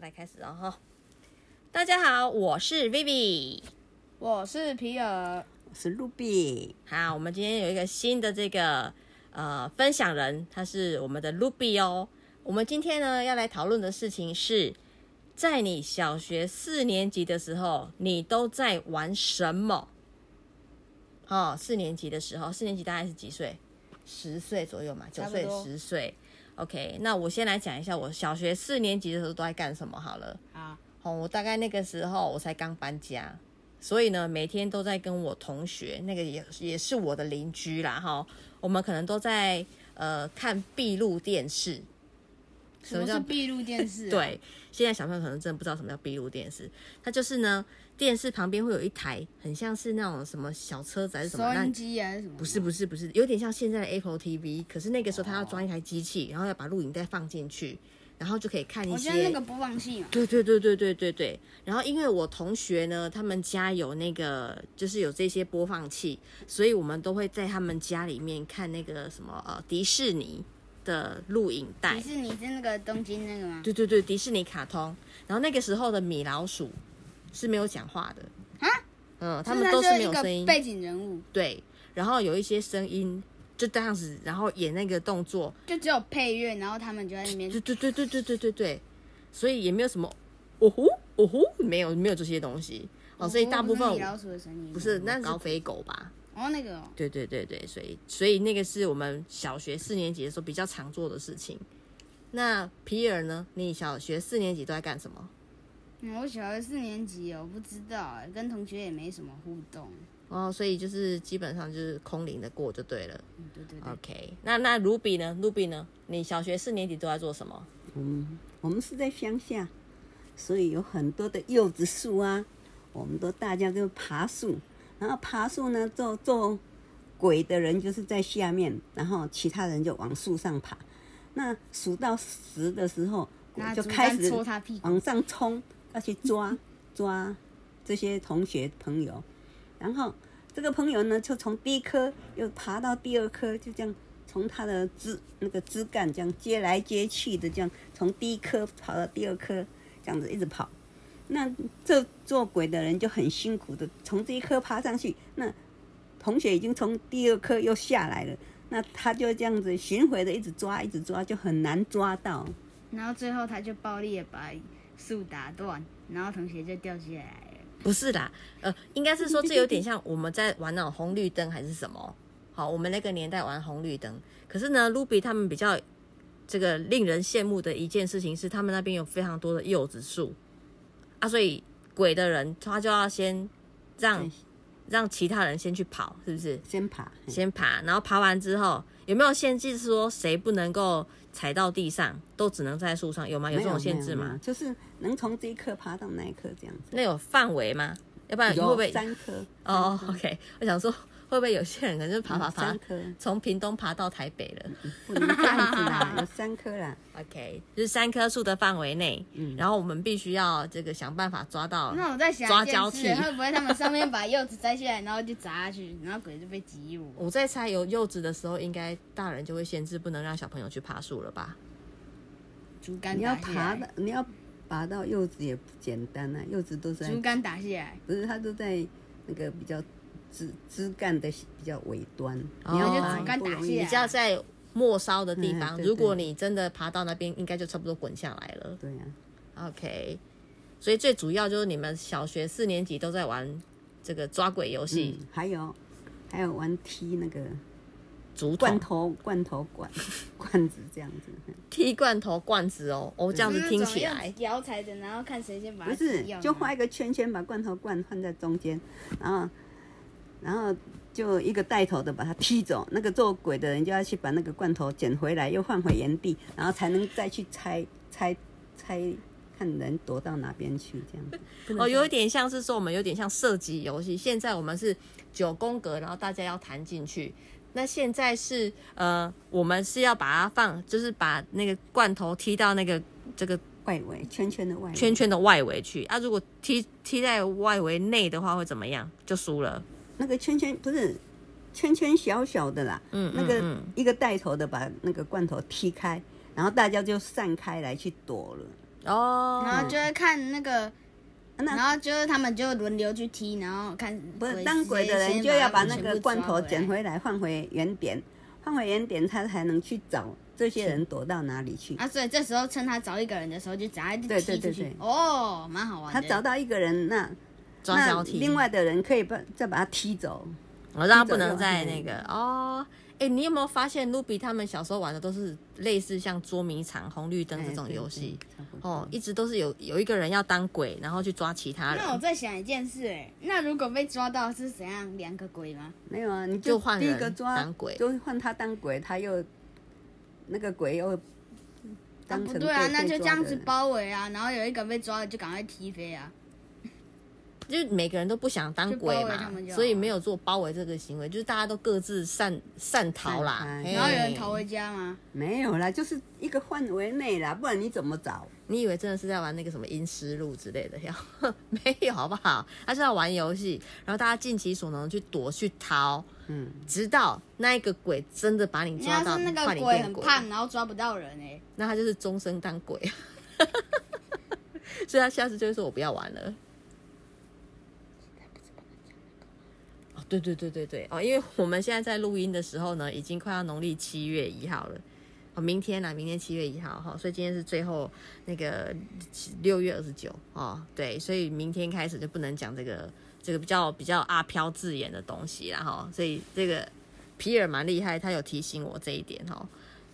來開始哦哈！大家好，我是 Vivi，我是 Pierre，我是 Ruby。好，我們今天有一個新的這個呃分享人，他是我們的 Ruby 哦。我們今天呢要來討論的事情是，在你小學四年級的時候，你都在玩什麼？哦，四年級的時候，四年級大概是幾歲？十歲左右嘛，九歲、十歲。OK，那我先來講一下我小學四年級的時候都在幹什麼好了。啊，哦，我大概那個時候我才剛搬家，所以呢，每天都在跟我同學，那個也也是我的鄰居啦，哈，我們可能都在呃看閉路電視。什麼叫閉路電視、啊？ 對，現在小朋友可能真的不知道什麼叫閉路電視。它就是呢，電視旁邊會有一台，很像是那種什麼小車子還是什麼？收音機、啊、還是什麼？不是不是不是，有點像現在的 Apple TV。可是那個時候，他要裝一台機器、哦，然後要把錄影帶放進去，然後就可以看一些。我覺得那個播放器嘛。對對對對對對對。然後因為我同學呢，他們家有那個，就是有這些播放器，所以我們都會在他們家裡面看那個什麼呃迪士尼，的錄影帶，迪士尼是那個東京那個嗎？對對對，迪士尼卡通。然後那個時候的米老鼠是沒有講話的啊，嗯，他們是是都是沒有聲音，背景人物。對，然後有一些聲音，就這樣子，然後演那個動作，就只有配樂，然後他們就在裡面。對對對對對對對對，所以也沒有什麼哦呼、哦呼，沒有沒有這些東西。哦，所以大部分、哦、米老鼠的聲音不是，那是高飛狗吧？哦，那個、哦，對對對對，所以所以那個是我們小學四年級的時候比較常做的事情。那 Pierre 呢？你小學四年級都在幹什麼？嗯、我小學四年級哦，我不知道，跟同學也沒什麼互動。哦，所以就是基本上就是空靈的過就對了、嗯。對對對。OK，那那 Ruby 呢？Ruby 呢？你小學四年級都在做什麼？嗯，我們是在鄉下，所以有很多的柚子樹啊，我們都大家都爬樹。然後爬樹呢，做做鬼的人就是在下面，然後其他人就往樹上爬。那數到十的時候，鬼就開始往上衝，要去抓 抓這些同學朋友。然後這個朋友呢，就從第一棵又爬到第二棵，就這樣從他的枝那個枝幹這樣接來接去的，這樣從第一棵跑到第二棵，這樣子一直跑。那這做鬼的人就很辛苦的，從這一棵爬上去。那同學已經從第二棵又下來了。那他就這樣子巡回的一，一直抓，一直抓，就很難抓到。然後最後他就暴力的把樹打斷，然後同學就掉下來。不是啦，呃，應該是說這有點像我們在玩那種紅綠燈還是什麼。好，我們那個年代玩紅綠燈。可是呢，Ruby 他們比較這個令人羨慕的一件事情是，他們那邊有非常多的柚子樹。啊、所以鬼的人他就要先讓、欸、讓其他人先去跑，是不是？先爬，欸、先爬，然後爬完之後有沒有限制，說誰不能夠踩到地上，都只能在樹上，有嗎沒有？有這種限制嗎？沒有沒有，就是能從這一棵爬到那一棵這樣子。那有範圍嗎？要不然有會不會三棵哦，三棵哦，OK，我想說。會不會有些人可能就爬爬爬，從、嗯啊、屏東爬到台北了，嗯、不止這樣子啦， 有三棵啦。OK，就是三棵樹的範圍內，嗯，然後我們必須要這個想辦法抓到。那我在想，抓交替，會不會他們上面把柚子摘下來，然後就砸下去，然後，就然後鬼就被擠落？我在猜，有柚子的時候，應該大人就會限制，不能讓小朋友去爬樹了吧？竹竿，你要爬到，你要爬到柚子也不簡單啊，柚子都是在竹竿打下來，不是，它都在那個比較。枝枝幹的比較尾端，然、哦、就、啊、比較在末梢的地方、嗯對對。如果你真的爬到那邊,應該就差不多滾下來了。對呀、啊、，OK。所以最主要就是你們小學四年級都在玩這個抓鬼遊戲，嗯、還有還有玩踢那個竹罐，罐頭罐頭罐罐子這樣子， 踢罐頭罐子哦哦這樣子聽起來搖起來的，然後看誰先把的不是，就畫一個圈圈，把罐頭罐放在中間，然後。然後就一個帶頭的把他踢走，那個做鬼的人就要去把那個罐頭撿回來，又換回原地，然後才能再去猜猜猜，猜，看能躲到哪邊去。這樣哦，有一點像是說我們有點像射擊遊戲。現在我們是九宮格，然後大家要彈進去。那現在是呃，我們是要把它放，就是把那個罐頭踢到那個這個外圍，圈圈的外圍，圈圈的外圍去。啊，如果踢踢在外圍內的話會怎麼樣？就輸了。那個圈圈不是圈圈，小小的啦，嗯、那個一個帶頭的把那個罐頭踢開，然後大家就散開來去躲了。哦，然後就會看那個，嗯、然後就是他們就輪流去踢，然後看不是當鬼的人就要把那個罐頭撿回來，換回原點，換回原點，他才能去找這些人躲到哪裡去。啊，所以這時候趁他找一個人的時候就一下對對對對哦，蠻好玩的。他找到一個人那。抓那另外的人可以把再把他踢走，我讓他不能再那個、嗯那個、哦。哎、欸，你有沒有發現，Ruby 他們小時候玩的都是類似像捉迷藏、紅綠燈這種遊戲、嗯嗯？哦，一直都是有有一個人要當鬼，然後去抓其他人。那我在想一件事、欸，哎，那如果被抓到是怎樣？兩個鬼嗎？沒有啊，你就、欸、就第一個抓當鬼，就換他當鬼，他又那個鬼又當。那、啊、不對啊，那就這樣子包圍啊，然後有一個被抓了就趕快踢飛啊。就是每個人都不想當鬼嘛，所以沒有做包圍這個行為，就是大家都各自散散逃啦。然後有人逃回家嗎？沒有啦，就是一個範圍內啦，不然你怎麼找？你以為真的是在玩那個什麼陰屍路之類的？ 沒有，好不好？他是要玩遊戲，然後大家盡其所能去躲去逃，嗯，直到那一個鬼真的把你抓到。那,那個鬼很胖鬼，然後抓不到人誒、欸、那他就是終身當鬼， 所以他下次就會說我不要玩了。對對對對對哦，因為我們現在在錄音的時候呢，已經快要農曆七月一號了，哦，明天啦，明天七月一號哈、哦，所以今天是最後那個六月二十九哦，對，所以明天開始就不能講這個這個比較比較阿飄字眼的東西啦。哈、哦，所以這個皮爾蠻厲害，他有提醒我這一點哈、哦，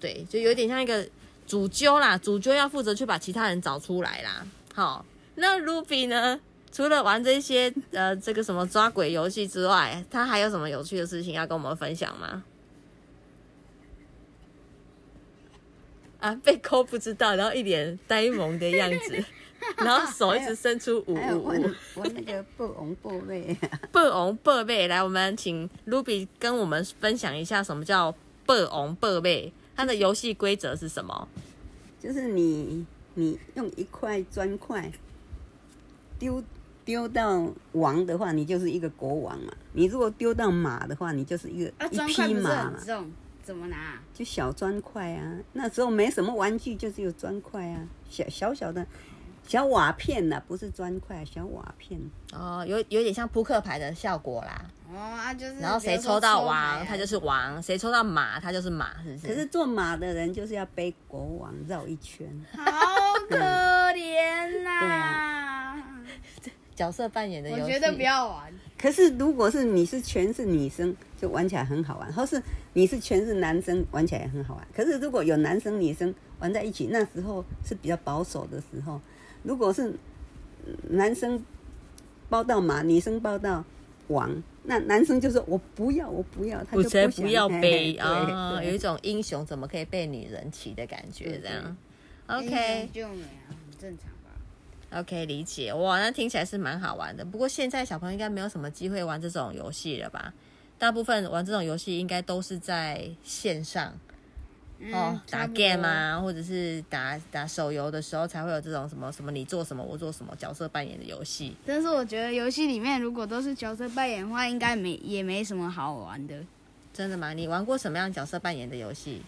對，就有點像一個主揪啦，主揪要負責去把其他人找出來啦，好、哦，那 Ruby 呢？除了玩這些呃，這個什麼抓鬼遊戲之外，他還有什麼有趣的事情要跟我們分享嗎？啊，被摳不知道，然後一臉呆萌的樣子，然後手一直伸出五五，我那個們叫“報王報馬”，“報王報馬”，來，我們請 Ruby 跟我們分享一下什麼叫不“報王報馬”，它的遊戲規則是什麼？就是你你用一塊磚塊丟。丟到王的話，你就是一個國王嘛。你如果丟到馬的話，你就是一個、啊、一匹馬嘛。這種怎麼拿、啊？就小磚塊啊。那時候沒什麼玩具，就只有磚塊啊，小小小的，小瓦片吶、啊，不是磚塊、啊，小瓦片。哦，有有點像撲克牌的效果啦。哦啊，就是。然後誰抽到王抽，他就是王；誰抽到馬，他就是馬，是不是？可是做馬的人就是要背國王繞一圈。好可憐吶。啊。 對啊角色扮演的遊戲，我覺得不要玩。可是，如果是你是全是女生，就玩起來很好玩；或是你是全是男生，玩起來也很好玩。可是，如果有男生女生玩在一起，那時候是比較保守的時候。如果是男生報到馬，女生報到王，那男生就說：“我不要，我不要。”他就不想。我才不要背。啊！有一種英雄怎麼可以被女人騎的感覺，這樣。對對對 OK，就很正常。OK，理解。哇，那聽起來是蠻好玩的。不過現在小朋友應該沒有什麼機會玩這種遊戲了吧？大部分玩這種遊戲應該都是在線上哦，嗯，Oh，打 game 啊，或者是打打手遊的時候才會有這種什麼什麼你做什麼，我做什麼，角色扮演的遊戲。但是我覺得遊戲裡面如果都是角色扮演的話應，應該沒也沒什麼好玩的。真的嗎？你玩過什麼樣角色扮演的遊戲？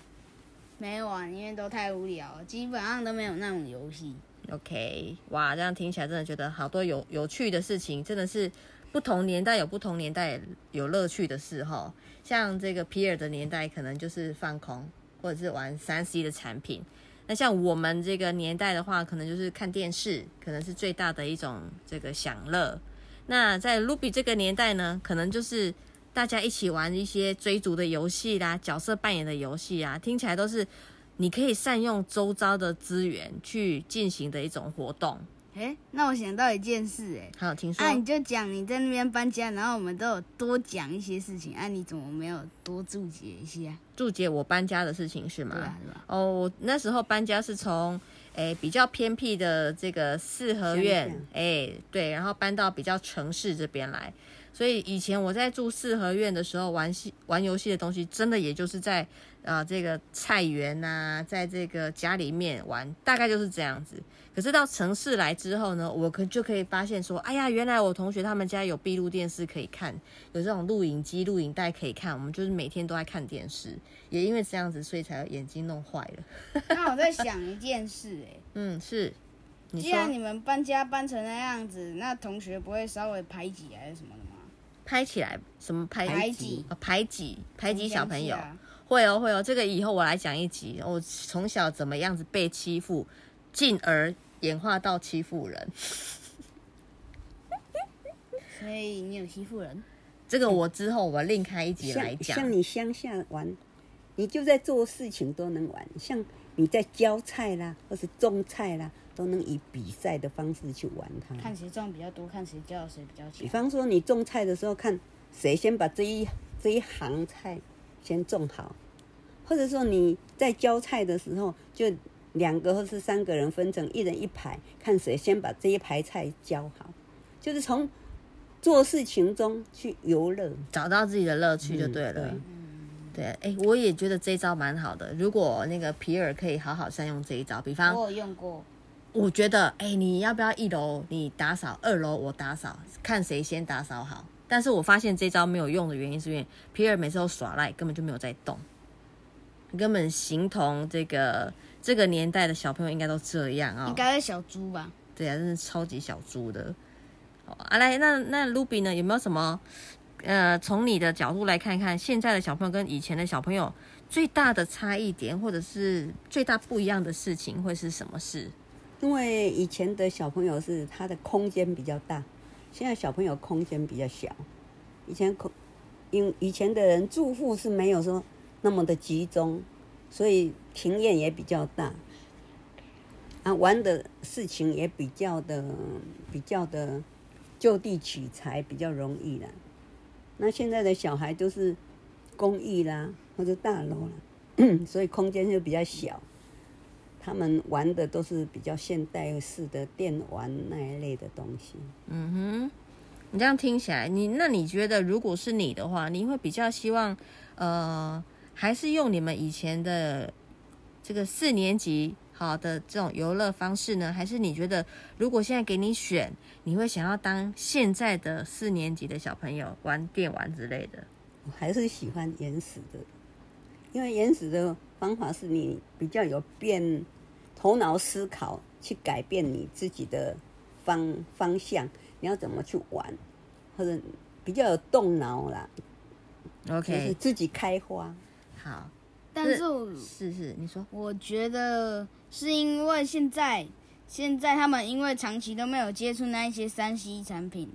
沒玩，因為都太無聊了，基本上都沒有那種遊戲。OK，哇，這樣聽起來真的覺得好多有有趣的事情，真的是不同年代有不同年代有樂趣的事齁。像這個 Pierre 的年代，可能就是放空或者是玩 3C 的產品；那像我們這個年代的話，可能就是看電視，可能是最大的一種這個享樂。那在 Ruby 這個年代呢，可能就是大家一起玩一些追逐的遊戲啦、角色扮演的遊戲啊，聽起來都是。你可以善用周遭的資源去進行的一種活動，欸。那我想到一件事，欸，哎，好，聽說，那，啊、你就講你在那邊搬家，然後我們都有多講一些事情，啊，你怎麼沒有多注解一些？注解我搬家的事情是嗎？哦，啊，我，啊 oh, 那時候搬家是從，欸、比較偏僻的這個四合院，誒、欸，對，然後搬到比較城市這邊來。所以以前我在住四合院的時候玩，玩戲玩遊戲的東西，真的也就是在啊、呃、這個菜園吶、啊，在這個家裡面玩，大概就是這樣子。可是到城市來之後呢，我可就可以發現說，哎呀，原來我同學他們家有閉路電視可以看，有這種錄影機、錄影帶可以看，我們就是每天都在看電視，也因為這樣子，所以才眼睛弄壞了。那我在想一件事、欸，哎， 嗯，是，既然你們搬家搬成那樣子，那同學不會稍微排擠還是什麼的嗎？拍起來，什麼排擠？排擠、啊，排擠小朋友、啊，會哦，會哦。這個以後我來講一集，我從小怎麼樣子被欺負，進而演化到欺負人。 所以你有欺負人？這個我之後我另開一集來講。像你鄉下玩，你就在做事情都能玩，像你在澆菜啦，或是種菜啦。都能以比賽的方式去玩它，看誰種比較多，看誰澆的水比較勤。比方說，你種菜的時候，看誰先把這一這一行菜先種好，或者說你在澆菜的時候，就兩個或是三個人分成一人一排，看誰先把這一排菜澆好，就是從做事情中去遊樂，找到自己的樂趣就對了。嗯、對，哎、啊，我也覺得這一招蠻好的。如果那個 Pierre 可以好好善用這一招，比方我用過。我覺得，哎、欸，你要不要一樓你打掃，二樓我打掃，看誰先打掃好。但是我發現這招沒有用的原因是因為 Pierre 每次都耍賴，根本就沒有在動，根本形同這個這個年代的小朋友應該都這樣啊、哦。應該是小豬吧？對啊，真是超級小豬的。好，阿、啊、來，那那 Ruby 呢？有沒有什麼呃，從你的角度來看,看，看現在的小朋友跟以前的小朋友最大的差異點，或者是最大不一樣的事情會是什麼事？因為以前的小朋友是他的空間比較大，現在小朋友空間比較小。以前空，因以前的人住戶是沒有說那麽的集中，所以庭院也比較大，啊，玩的事情也比較的比較的就地取材比較容易了。那現在的小孩都是公寓啦或者大樓了，所以空間就比較小。他們玩的都是比較現代式的電玩那一類的東西。嗯哼，你這樣聽起來，你那你覺得，如果是你的話，你會比較希望，呃，還是用你們以前的這個四年級好的這種遊樂方式呢？還是你覺得，如果現在給你選，你會想要當現在的四年級的小朋友玩電玩之類的？我還是喜歡原始的，因為原始的。方法是你比較有變，頭腦思考去改變你自己的方方向，你要怎麼去玩，或者比較有動腦啦。OK，就是自己開花。好，但是是是，你說，我覺得是因為現在現在他們因為長期都沒有接觸那一些 3C 產品，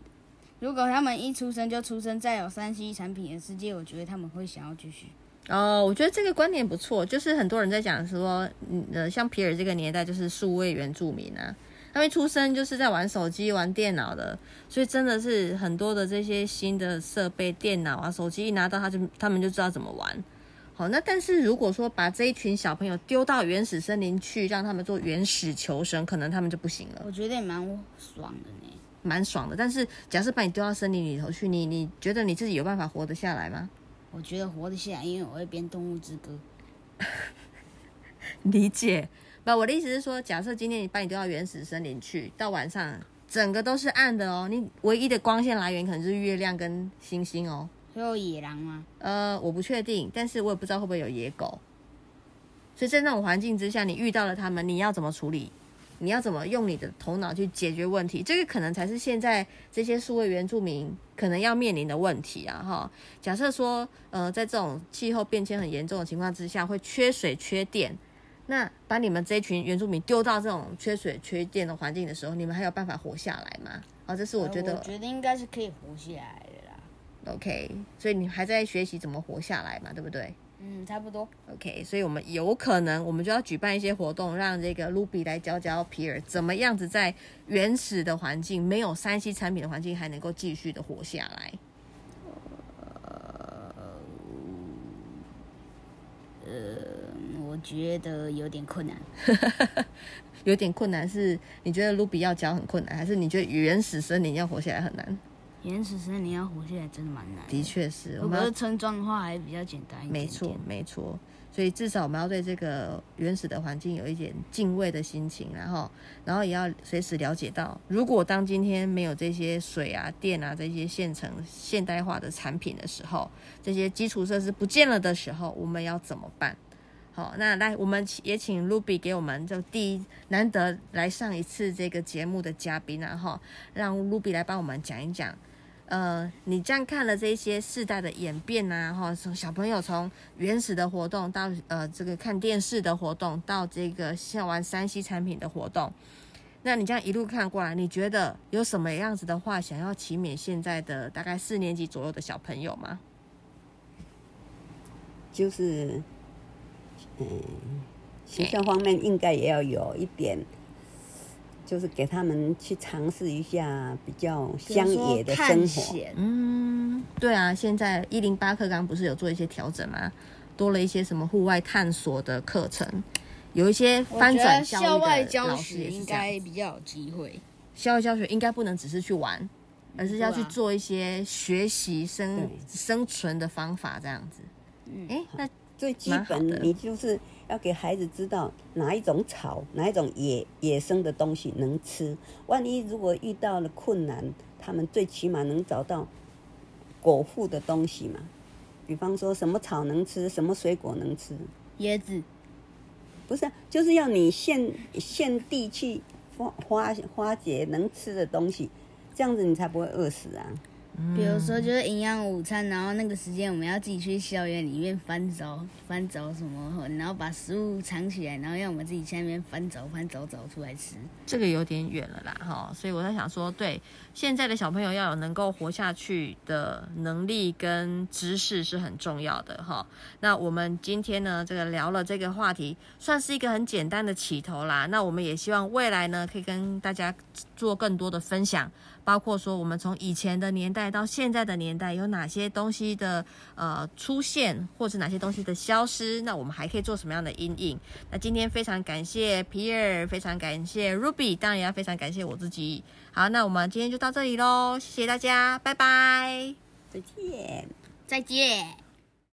如果他們一出生就出生在有 3C 產品的世界，我覺得他們會想要繼續。哦，我覺得這個觀點不錯，就是很多人在講說，呃，像 Pierre 這個年代就是數位原住民啊，他們出生就是在玩手機、玩電腦的，所以真的是很多的這些新的設備、電腦啊、手機一拿到他就他們就知道怎麼玩。好，那但是如果說把這一群小朋友丟到原始森林去，讓他們做原始求生，可能他們就不行了。我覺得也蠻爽的呢，蠻爽的。但是假設把你丟到森林裡頭去，你你覺得你自己有辦法活得下來嗎？我覺得活得下來，因為我會編動物之歌。 理解？不，我的意思是說，假設今天你把你丟到原始森林去，到晚上整個都是暗的哦，你唯一的光線來源可能是月亮跟星星哦。會有野狼嗎？呃，我不確定，但是我也不知道會不會有野狗。所以在那種環境之下，你遇到了他們，你要怎麼處理？你要怎麼用你的頭腦去解決問題？這個可能才是現在這些數位原住民可能要面臨的問題啊！哈，假設說，呃，在這種氣候變遷很嚴重的情況之下，會缺水缺電，那把你們這群原住民丟到這種缺水缺電的環境的時候，你們還有辦法活下來嗎？啊、哦，這是我覺得、呃，我覺得應該是可以活下來的啦。OK，所以你還在學習怎麼活下來嘛？對不對？嗯，差不多。OK，所以我們有可能，我們就要舉辦一些活動，讓這個盧 u b 來教教皮爾怎麼樣子在原始的環境，沒有三 C 產品的環境還能夠繼續的活下來。呃，我覺得有點困難。 有點困難是？你覺得盧 u b 要教很困難，還是你覺得原始森林要活下來很難？原始森林要活下來真的蠻難，的確是。我們的村莊的話，還比較簡單一點點。沒錯，沒錯。所以至少我們要對這個原始的環境有一點敬畏的心情，然後，然後也要隨時了解到，如果當今天沒有這些水啊、電啊這些現成現代化的產品的時候，這些基礎設施不見了的時候，我們要怎麼辦？好，那來我們也請 Ruby 給我們就第一難得來上一次這個節目的嘉賓啊，然後讓 Ruby 來幫我們講一講。呃，你這樣看了這一些世代的演變吶、啊，哈，從小朋友從原始的活動到呃這個看電視的活動，到這個像玩 3C 產品的活動，那你這樣一路看過來，你覺得有什麼樣子的話想要期勉現在的大概四年級左右的小朋友嗎？就是，嗯，學校方面應該也要有一點。就是給他們去嘗試一下比較鄉野的生活。探險，嗯，對啊，現在一零八課綱，剛不是有做一些調整嗎？多了一些什麼戶外探索的課程，有一些翻轉的老師，校外教學應該比較有機會。校外教學應該不能只是去玩，而是要去做一些學習生生存的方法這樣子。嗯，誒，那最基本蠻好的，你就是。要給孩子知道哪一種草、哪一種野野生的東西能吃。萬一如果遇到了困難，他們最起碼能找到果腹的東西嘛。比方說什麼草能吃，什麼水果能吃，椰子，不是，就是要你現現地去花花花結能吃的東西，這樣子你才不會餓死啊。比如說，就是營養午餐，然後那個時間我們要自己去校園裡面翻找，翻找什麼，然後把食物藏起來，然後讓我們自己下面翻找，翻找，找出來吃。這個有點遠了啦，哈，所以我在想說，對現在的小朋友要有能夠活下去的能力跟知識是很重要的，哈。那我們今天呢，這個聊了這個話題，算是一個很簡單的起頭啦。那我們也希望未來呢，可以跟大家做更多的分享。包括說，我們從以前的年代到現在的年代，有哪些東西的呃出現，或者是哪些東西的消失，那我們還可以做什麼樣的因應？那今天非常感謝 Pierre，非常感謝 Ruby，當然也要非常感謝我自己。好，那我們今天就到這裡嘍，謝謝大家，拜拜，再見，再見。